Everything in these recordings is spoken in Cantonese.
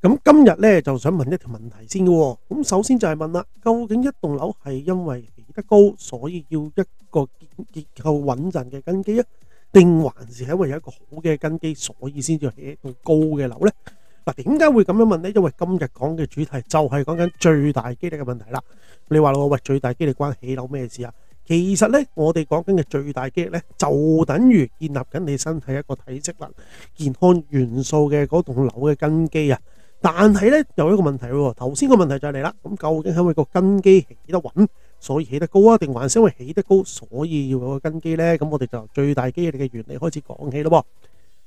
咁今日咧，就想問一條問題先嘅。咁首先就係問啦，究竟一棟樓係因為起得高，所以要一個結構穩陣嘅根基啊？定還是係因為有一個好嘅根基，所以先至起到高嘅樓咧？嗱，點解會咁樣問咧？因為今日講嘅主題就係講緊最大肌力嘅問題啦。你話啦，喂，最大肌力關起樓咩事啊？其實咧，我哋講緊嘅最大肌力咧，就等於建立緊你身體一個體積啦、健康元素嘅嗰棟樓嘅根基啊。但係咧，有一個問題喎。頭先個問題就係嚟啦，咁究竟係咪個根基起得穩，所以起得高啊？定還是因為起得高，所以要有個根基咧？咁我哋就由最大肌力嘅原理開始講起咯。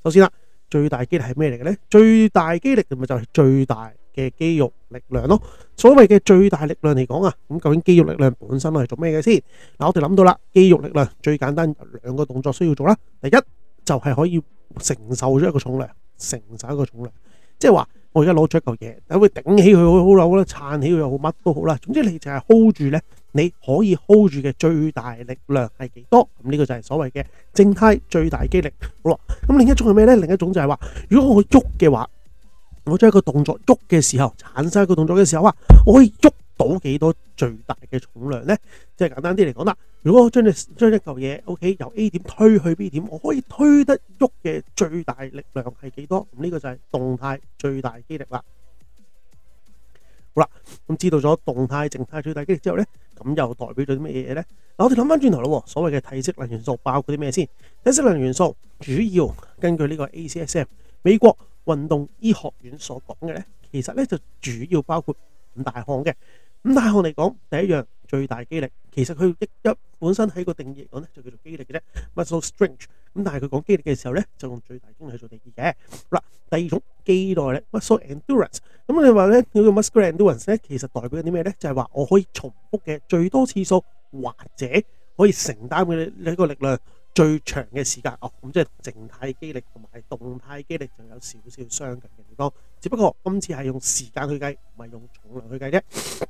首先啦，最大肌力係咩嚟嘅咧？最大肌力咪就係最大嘅肌肉力量咯。所謂嘅最大力量嚟講啊，咁究竟肌肉力量本身係做咩嘅先？嗱，我哋諗到啦，肌肉力量最簡單有兩個動作需要做啦。第一就係可以承受咗一個重量，承受一個重量，即係話。我而家攞出一嚿嘢，等佢頂起佢好好，攪啦，撐起佢又好，乜都好啦。總之你就係 hold 住咧，你可以 hold 住嘅最大力量係幾多？咁、這、呢個就係所謂嘅靜態最大肌力。好啦，咁另一種係咩咧？另一種就係、是、話，如果我喐嘅話，我將一個動作喐嘅時候，產生一個動作嘅時候啊，我可以喐。到幾多最大嘅重量呢？即係簡單啲嚟講啦，如果我將你將一嚿嘢，OK 由 A 點推去 B 點，我可以推得喐嘅最大力量係幾多？咁呢個就係動態最大肌力啦。好啦，咁知道咗動態、靜態最大肌力之後呢，咁又代表咗啲乜嘢嘢呢？嗱，我哋諗翻轉頭啦，所謂嘅體適能元素包括啲咩先？體適能元素主要根據呢個 ACSM 美國運動醫學院所講嘅呢，其實呢就主要包括五大項嘅。咁大項嚟講，第一樣最大肌力其實佢一本身喺個定義嚟講咧就叫做肌力嘅啫，muscle strength。咁但係佢講肌力嘅時候咧就用最大肌力去做定義嘅。嗱，第二種肌耐力，muscle endurance。咁你話咧，呢個 muscle endurance 咧其實代表啲咩咧？就係話我可以重複嘅最多次數，或者可以承擔嘅呢個力量最長嘅時間。哦，咁即係靜態肌力同埋動態肌力就有少少相近嘅地方，只不過今次係用時間去計，唔係用重量去計啫。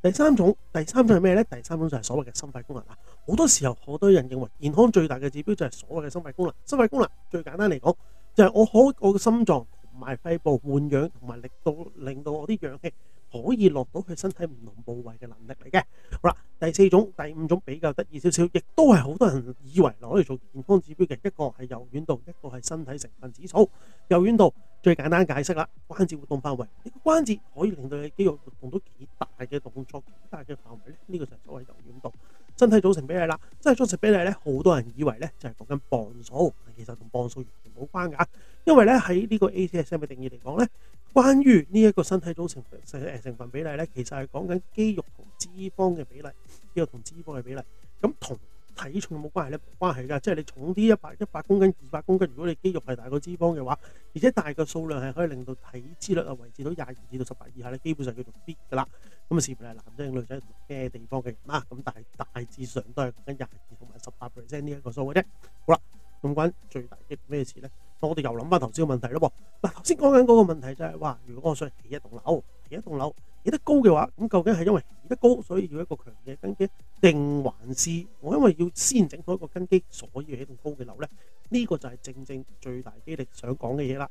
第三種，第三種係咩呢？第三種就係所謂嘅心肺功能啦！好多時候，好多人認為健康最大嘅指標就係所謂嘅心肺功能。心肺功能最簡單嚟講，就係我好我嘅心臟同埋肺部換氧同埋力度，令到我啲氧氣可以落到佢身體唔同部位嘅能力嚟嘅。好啦，第四種、第五種比較得意少少，亦都係好多人以為攞嚟做健康指標嘅，一個係柔軟度，一個係身體成分指數。柔軟度。最簡單解釋啦，關節活動範圍，你個關節可以令到你的肌肉活動到幾大嘅動作、幾大嘅範圍咧？呢個就係所謂柔軟度。身體組成比例啦，身體組成比例咧，好多人以為咧就係講緊磅數，但其實同磅數完全冇關噶。因為咧喺呢個 ACSM 嘅定義嚟講咧，關於呢一個身體組成成誒成分比例咧，其實係講緊肌肉同脂肪嘅比例，肌肉同脂肪嘅比例咁同。體重冇關係咧？冇關係噶，即係你重啲一百一百公斤、二百公斤，如果你肌肉係大過脂肪嘅話，而且大嘅數量係可以令到體脂率啊維持到廿二至到十八以下咧，基本上叫做 fit 噶啦。咁啊，視乎係男仔定女仔同咩地方嘅人啦。咁但係大致上都係講緊廿二同埋十八 percent 呢一個數嘅啫。好啦，咁關最大嘅咩事咧？我哋又諗翻頭先個問題咯噃。嗱，頭先講緊嗰個問題就係話，如果我想要起一棟樓，起一棟樓。起得高嘅話，咁究竟係因為起得高，所以要一個強嘅根基，定還是我因為要先整好一個根基，所以要起棟高嘅樓呢？呢、呢個就係正正最大肌力想講嘅嘢啦。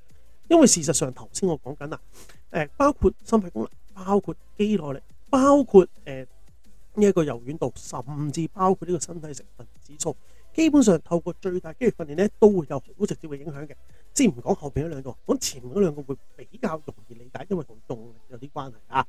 因為事實上頭先我講緊啦，誒，包括心肺功能，包括肌耐力，包括誒呢一個柔軟度，甚至包括呢個身體成分指數。基本上透過最大肌力訓練咧，都會有好直接嘅影響嘅。先唔講後邊嗰兩個，講前面嗰兩個會比較容易理解，因為同動力有啲關係啊。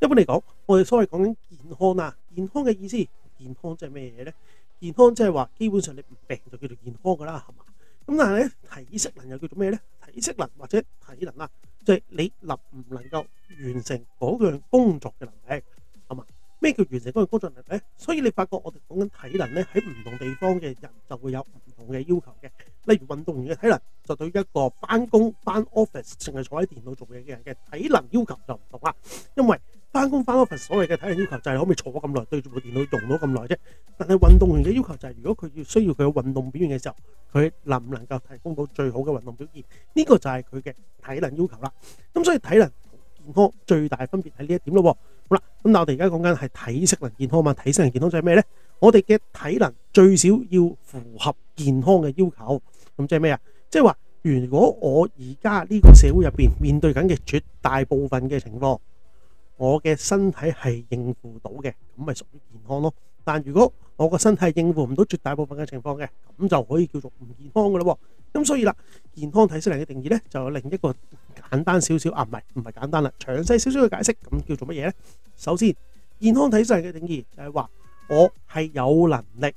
一般嚟講，我哋所謂講緊健康啊，健康嘅意思，健康即係咩嘢咧？健康即係話基本上你唔病就叫做健康噶啦，係嘛？咁但係咧，體適能又叫做咩咧？體適能或者體能啊，即係你能唔能夠完成嗰樣工作嘅能力，係嘛？咩叫完成嗰份工作能力咧？所以你發覺我哋講緊體能咧，喺唔同地方嘅人就會有唔同嘅要求嘅。例如運動員嘅體能，就對一個翻工翻 office 淨係坐喺電腦做嘢嘅人嘅體能要求就唔同啦。因為翻工翻 office 所謂嘅體能要求就係可唔可以坐咗咁耐，對住部電腦用到咁耐啫。但係運動員嘅要求就係如果佢要需要佢嘅運動表現嘅時候，佢能唔能夠提供到最好嘅運動表現？呢個就係佢嘅體能要求啦。咁所以體能同健康最大分別喺呢一點咯。好啦，咁我哋而家講緊係體適能健康嘛，體適能健康就係咩呢？我哋嘅體能最少要符合健康嘅要求，咁即係咩啊？即係話，如果我而家呢個社會入邊面面對緊嘅絕大部分嘅情況，我嘅身體係應付到嘅，咁咪屬於健康咯。但如果我個身體應付唔到絕大部分嘅情況嘅，咁就可以叫做唔健康噶喎。咁所以啦，健康體適能嘅定義咧，就有另一個簡單少少啊，唔係唔係簡單啦，詳細少少嘅解釋，咁叫做乜嘢咧？首先，健康體適能嘅定義就係話，我係有能力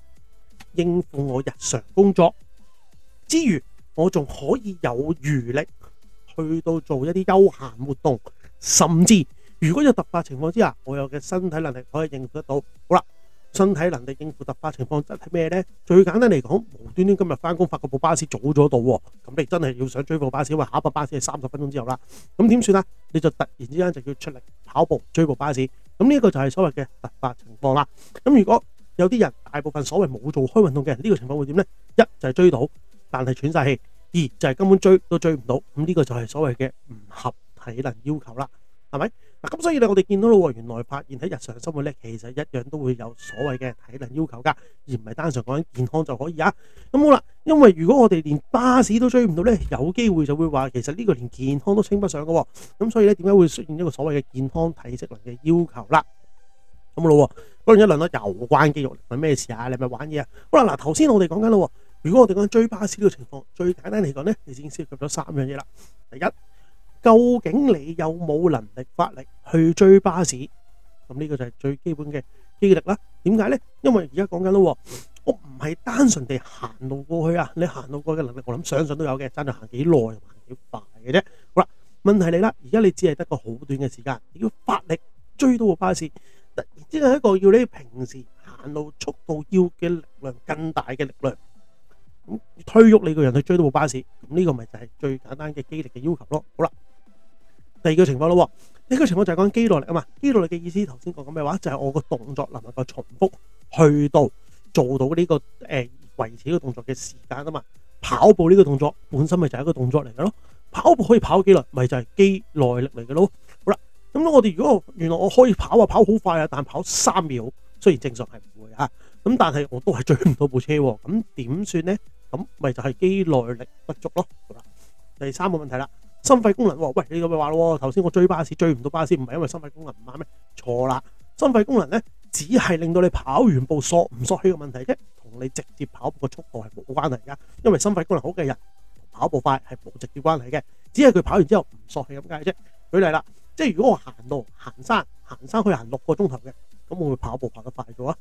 應付我日常工作之餘，我仲可以有餘力去到做一啲休閒活動，甚至如果有突發情況之下，我有嘅身體能力可以應付得到。好啦。身體能力應付突發情況真係咩呢？最簡單嚟講，無端端今日翻工發個部巴士早咗到喎，咁你真係要想追部巴士，話下一班巴士係三十分鐘之後啦，咁點算啊？你就突然之間就要出力跑步追部巴士，咁呢個就係所謂嘅突發情況啦。咁如果有啲人，大部分所謂冇做開運動嘅人，呢個情況會點呢？一就係追到，但係喘晒氣；二就係根本追都追唔到。咁呢個就係所謂嘅唔合體能要求啦，係咪？嗱，咁所以咧，我哋見到啦，原來發現喺日常生活咧，其實一樣都會有所謂嘅體能要求噶，而唔係單純講緊健康就可以啊。咁好啦，因為如果我哋連巴士都追唔到咧，有機會就會話其實呢個連健康都稱不上噶。咁所以咧，點解會出現一個所謂嘅健康體適能嘅要求啦？咁咯，講完一輪咧，又關肌肉係咩事啊？你咪玩嘢啊？好啦，嗱，頭先我哋講緊啦，如果我哋講緊追巴士呢個情況，最簡單嚟講咧，你已經涉及咗三樣嘢啦。第一。究竟你有冇能力發力去追巴士？咁呢個就係最基本嘅肌力啦。點解呢？因為而家講緊咯，我唔係單純地行路過去啊。你行路過去嘅能力，我諗相信都有嘅，爭在行幾耐同埋行幾快嘅啫。好啦，問題嚟啦，而家你只係得個好短嘅時間，你要發力追到部巴士，突然之間一個要你平時行路速度要嘅力量更大嘅力量，咁推喐你個人去追到部巴士，咁呢個咪就係最簡單嘅肌力嘅要求咯。好啦。第二個情況咯，呢個情況就係講肌耐力啊嘛，肌耐力嘅意思頭先講緊咩話，就係、是、我個動作能能夠重複去到做到呢、這個誒維、呃、持呢個動作嘅時間啊嘛。跑步呢個動作本身咪就係一個動作嚟嘅咯，跑步可以跑幾耐，咪就係、是、肌耐力嚟嘅咯。好啦，咁我哋如果原來我可以跑啊，跑好快啊，但跑三秒，雖然正常係唔會啊，咁但係我都係追唔到部車，咁點算咧？咁咪就係肌耐力不足咯。好啦，第三個問題啦。心肺功能喎，喂，你咁咪話咯？頭先我追巴士追唔到巴士，唔係因為心肺功能唔啱咩？錯啦，心肺功能呢，只係令到你跑完步索唔索氣嘅問題啫，同你直接跑步嘅速度係冇關係噶因為心肺功能好嘅人跑步快係冇直接關係嘅，只係佢跑完之後唔索氣咁解啫。舉例啦，即係如果我行路、行山、行山去行六個鐘頭嘅，咁我會跑步跑得快嘅啊？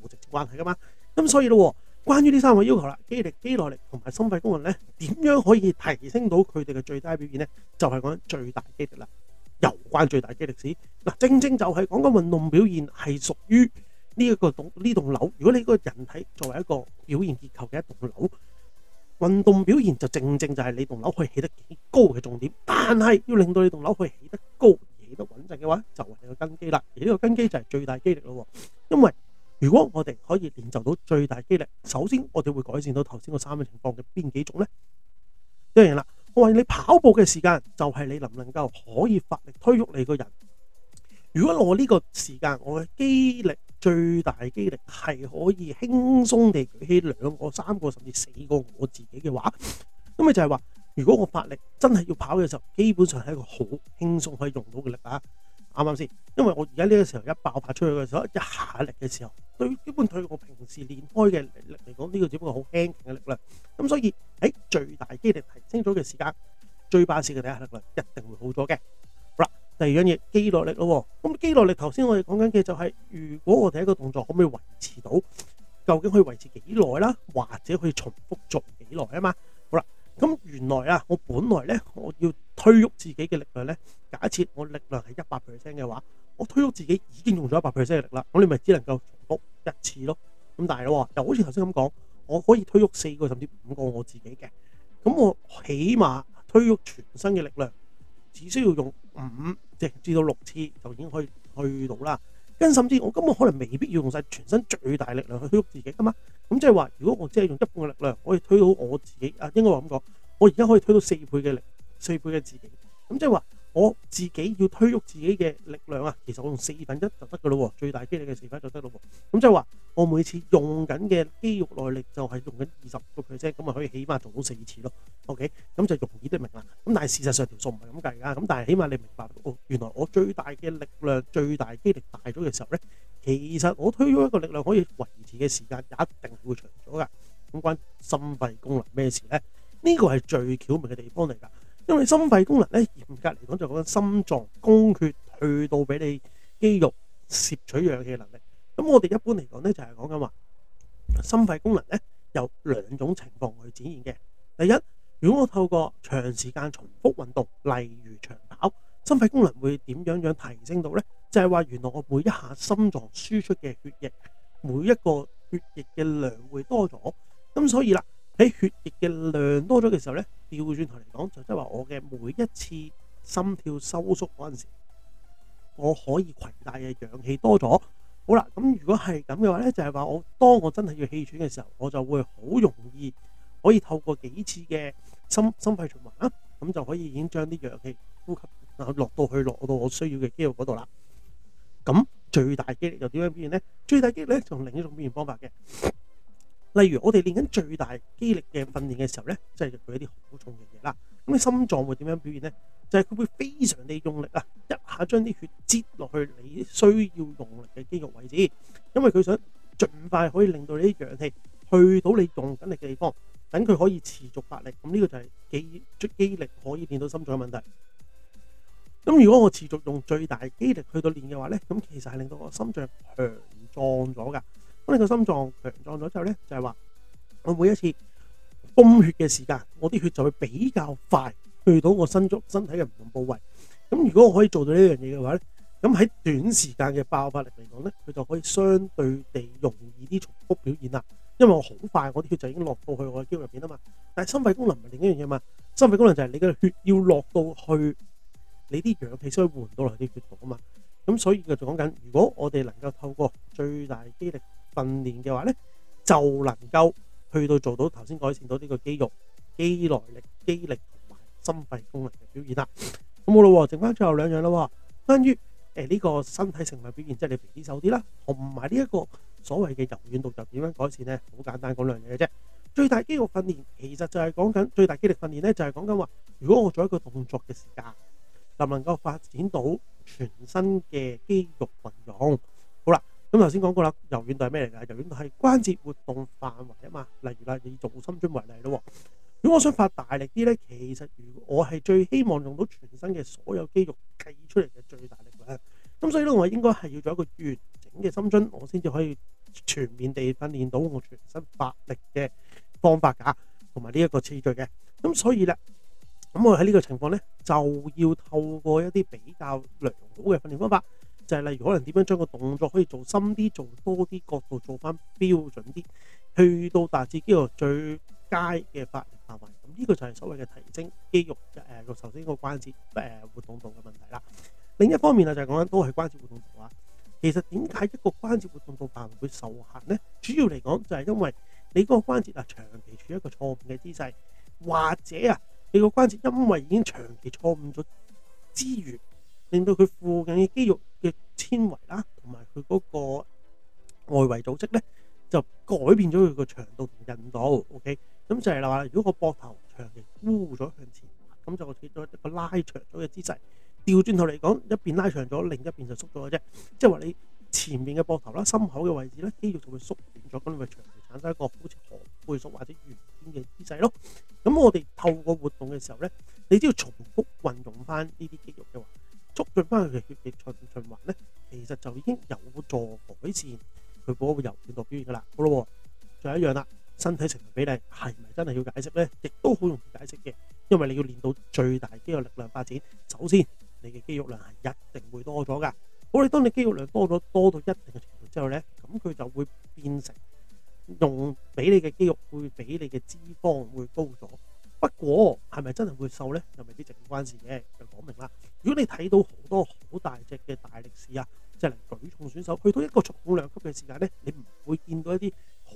冇直接關係噶嘛。咁所以如果關於呢三個要求啦，肌力、肌耐力同埋心肺功能咧，點樣可以提升到佢哋嘅最佳表現咧？就係、是、講最大肌力啦，有關最大肌力事。嗱，正正就係講緊運動表現係屬於呢、這、一個棟呢棟樓。如果你個人體作為一個表現結構嘅一棟樓，運動表現就正正就係你棟樓可以起得幾高嘅重點。但係要令到你棟樓可以起得高、起得穩陣嘅話，就係、是、個根基啦。而呢個根基就係最大肌力咯，因為。如果我哋可以練就到最大肌力，首先我哋會改善到頭先個三個情況嘅邊幾種呢？當然啦，我話你跑步嘅時間就係、是、你能唔能夠可以發力推喐你個人。如果我呢個時間我嘅肌力最大肌力係可以輕鬆地舉起兩個、三個甚至四個我自己嘅話，咁咪就係話，如果我發力真係要跑嘅時候，基本上係一個好輕鬆可以用到嘅力啊！啱啱先，因為我而家呢個時候一爆發出去嘅時候，一下力嘅時候，對基本對我平時練開嘅力嚟講，呢個只不過好輕嘅力量。咁所以喺最大肌力提升咗嘅時間，最巴氏嘅第一下力量一定會好咗嘅。好啦，第二樣嘢，肌耐力咯。咁肌耐力頭先我哋講緊嘅就係，如果我哋一個動作可唔可以維持到，究竟可以維持幾耐啦，或者可以重複做幾耐啊嘛。好啦，咁原來啊，我本來咧，我要。推喐自己嘅力量呢？假設我力量係一百 percent 嘅話，我推喐自己已經用咗一百 percent 嘅力啦，咁你咪只能夠重複一次咯。咁但係我話又好似頭先咁講，我可以推喐四個甚至五個我自己嘅，咁我起碼推喐全身嘅力量只需要用五直至到六次就已經可以推到啦。跟甚至我根本可能未必要用晒全身最大力量去推喐自己噶嘛。咁即係話，如果我只係用一半嘅力量我可以推到我自己，啊應該話咁講，我而家可以推到四倍嘅力量。四倍嘅自己咁，即係話我自己要推喐自己嘅力量啊。其實我用四分一就得噶咯，最大肌力嘅四分一就得咯。咁即係話我每次用緊嘅肌肉耐力就係用緊二十個 percent 咁，啊可以起碼做到四次咯。O K，咁就容易得明啦。咁但係事實上條數唔係咁計噶。咁但係起碼你明白到原來我最大嘅力量，最大肌力大咗嘅時候咧，其實我推喐一個力量可以維持嘅時間一定係會長咗噶。咁關心肺功能咩事咧？呢個係最巧妙嘅地方嚟噶。因為心肺功能咧，嚴格嚟講就講心臟供血去到俾你肌肉攝取氧氣嘅能力。咁我哋一般嚟講咧就係講緊話，心肺功能咧有兩種情況去展現嘅。第一，如果我透過長時間重複運動，例如長跑，心肺功能會點樣樣提升到咧？就係話原來我每一下心臟輸出嘅血液，每一個血液嘅量會多咗，咁所以啦。喺血液嘅量多咗嘅時候咧，調轉頭嚟講，就即係話我嘅每一次心跳收縮嗰陣時，我可以攜帶嘅氧氣多咗。好啦，咁如果係咁嘅話咧，就係話我當我真係要氣喘嘅時候，我就會好容易可以透過幾次嘅心心肺循環啊，咁就可以已經將啲氧氣呼吸落到去落到我需要嘅肌肉嗰度啦。咁最大肌力又點樣表現咧？最大肌力就另一種表現方法嘅。例如我哋練緊最大肌力嘅訓練嘅時候呢，即係舉一啲好重嘅嘢啦。咁你心臟會點樣表現呢？就係、是、佢會非常地用力啊，一下將啲血擠落去你需要用力嘅肌肉位置，因為佢想盡快可以令到你啲氧氣去到你用緊力嘅地方，等佢可以持續發力。咁呢個就係肌肌力可以練到心臟嘅問題。咁如果我持續用最大的肌力去到練嘅話呢，咁其實係令到我的心臟強壯咗噶。呢個心臟強壯咗之後咧，就係話我每一次泵血嘅時間，我啲血就會比較快去到我身足身體嘅唔同部位。咁如果我可以做到這件事的呢樣嘢嘅話咧，咁喺短時間嘅爆發力嚟講咧，佢就可以相對地容易啲重複表現啦。因為我好快，我啲血就已經落到去我嘅肌肉入邊啊嘛。但係心肺功能係另一樣嘢嘛，心肺功能就係你嘅血要落到去你啲氧氣先可以換到落去啲血度啊嘛。咁所以我就講緊，如果我哋能夠透過最大肌力。訓練嘅話咧，就能夠去到做到頭先改善到呢個肌肉、肌耐力、肌力同埋心肺功能嘅表現啦。咁好啦，剩翻最後兩樣啦。關於誒呢個身體成分表現，即係你肥啲瘦啲啦，同埋呢一個所謂嘅柔軟度就點樣改善咧？好簡單，講兩樣嘢嘅啫。最大肌肉訓練其實就係講緊最大肌力訓練咧，就係講緊話，如果我做一個動作嘅時間，就能夠發展到全身嘅肌肉運用。咁頭先講過啦，柔軟度係咩嚟㗎？柔軟度係關節活動範圍啊嘛。例如啦，以做深蹲為例咯。如果我想發大力啲咧，其實如果我係最希望用到全身嘅所有肌肉計出嚟嘅最大力量，咁所以咧，我應該係要做一個完整嘅深蹲，我先至可以全面地訓練到我全身發力嘅方法㗎，同埋呢一個次序嘅。咁所以啦，咁我喺呢個情況咧，就要透過一啲比較良好嘅訓練方法。就例如可能點樣將個動作可以做深啲、做多啲角度、做翻標準啲，去到達至肌肉最佳嘅發力範圍。咁呢個就係所謂嘅提升肌肉誒頭先個關節誒、呃、活動度嘅問題啦。另一方面啊，就係講緊都係關節活動度啊。其實點解一個關節活動度範圍會受限咧？主要嚟講就係因為你嗰個關節啊長期處於一個錯誤嘅姿勢，或者啊你個關節因為已經長期錯誤咗之餘。令到佢附近嘅肌肉嘅纖維啦，同埋佢嗰個外圍組織咧，就改變咗佢個長度同韌度。OK，咁就係啦。話如果個膊頭長期烏咗向前，咁就起咗一個拉長咗嘅姿勢。調轉頭嚟講，一邊拉長咗，另一邊就縮咗嘅啫。即係話你前面嘅膊頭啦，心口嘅位置咧，肌肉就會縮短咗。咁你咪長期產生一個好似駝背縮或者圓肩嘅姿勢咯。咁我哋透過活動嘅時候咧，你只要重複運用翻呢啲肌肉嘅話。促進翻佢嘅血液循循環咧，其實就已經有助改善佢嗰個柔軟度表現噶啦，好咯。仲有一樣啦，身體成分比例係咪真係要解釋咧？亦都好容易解釋嘅，因為你要練到最大肌肉力量發展，首先你嘅肌肉量係一定會多咗噶。好，你當你嘅肌肉量多咗，多到一定嘅程度之後咧，咁佢就會變成用俾你嘅肌肉會比你嘅脂肪會高咗。不過係咪真係會瘦咧？又未必整關事嘅，就講明啦。如果你睇到好多好大隻嘅大力士啊，即係嚟舉重選手去到一個重量級嘅時間咧，你唔會見到一啲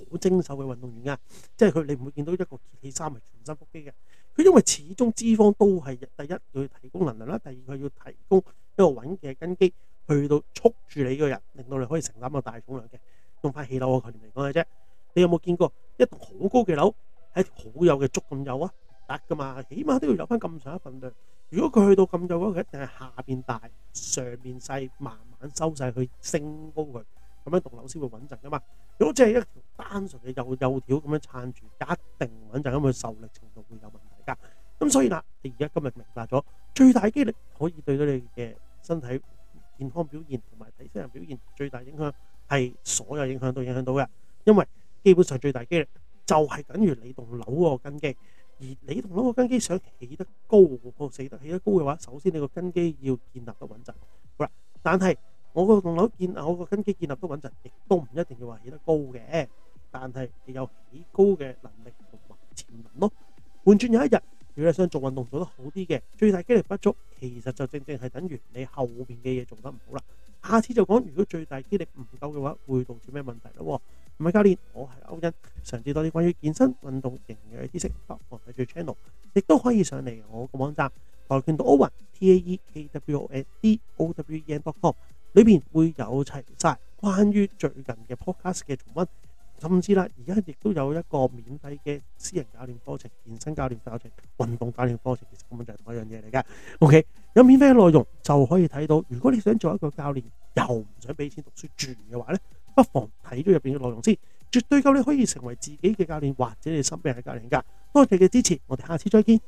好精瘦嘅運動員噶，即係佢你唔會見到一個鐵起衫係全身腹肌嘅。佢因為始終脂肪都係第一要提供能量啦，第二佢要提供一個穩嘅根基，去到促住你個人，令到你可以承擔個大重量嘅，用翻起樓嘅概念嚟講嘅啫。你有冇見過一棟好高嘅樓係好有嘅竹咁有啊？得噶嘛，起碼都要有翻咁上下分量。如果佢去到咁就，佢一定係下邊大，上面細，慢慢收細去升高佢，咁樣棟樓先會穩陣噶嘛。如果只係一條單純嘅幼幼條咁樣撐住，一定穩陣，咁佢受力程度會有問題噶。咁所以嗱，你而家今日明白咗，最大肌力可以對到你嘅身體健康表現同埋體能表現最大影響，係所有影響都影響到嘅，因為基本上最大肌力就係等於你棟樓個根基。而你同樓嘅根基想起得高，死得起得高嘅話，首先你個根基要建立得穩陣，好啦。但係我個棟樓建，我個根基建立得穩陣，亦都唔一定要話起得高嘅，但係你有起高嘅能力同埋潛能咯。換轉有一日，如果你想做運動做得好啲嘅，最大肌力不足，其實就正正係等於你後邊嘅嘢做得唔好啦。下次就講，如果最大肌力唔夠嘅話，會導致咩問題咯。唔係教練，我係歐恩，嘗試多啲關於健身、運動營養嘅知識，不妨睇住 channel，亦都可以上嚟我個網站跆拳道歐云 t a e k w o n d o w e n dot com，裏邊會有齊晒關於最近嘅 podcast 嘅重温，甚至啦，而家亦都有一個免費嘅私人教練課程、健身教練課程、運動教練課程，其實根本就係同一樣嘢嚟㗎。OK，有免費嘅內容就可以睇到，如果你想做一個教練，又唔想俾錢讀書轉嘅話咧？不妨睇咗入邊嘅內容先，絕對夠你可以成為自己嘅教練或者你身邊嘅教練噶。多謝你嘅支持，我哋下次再見。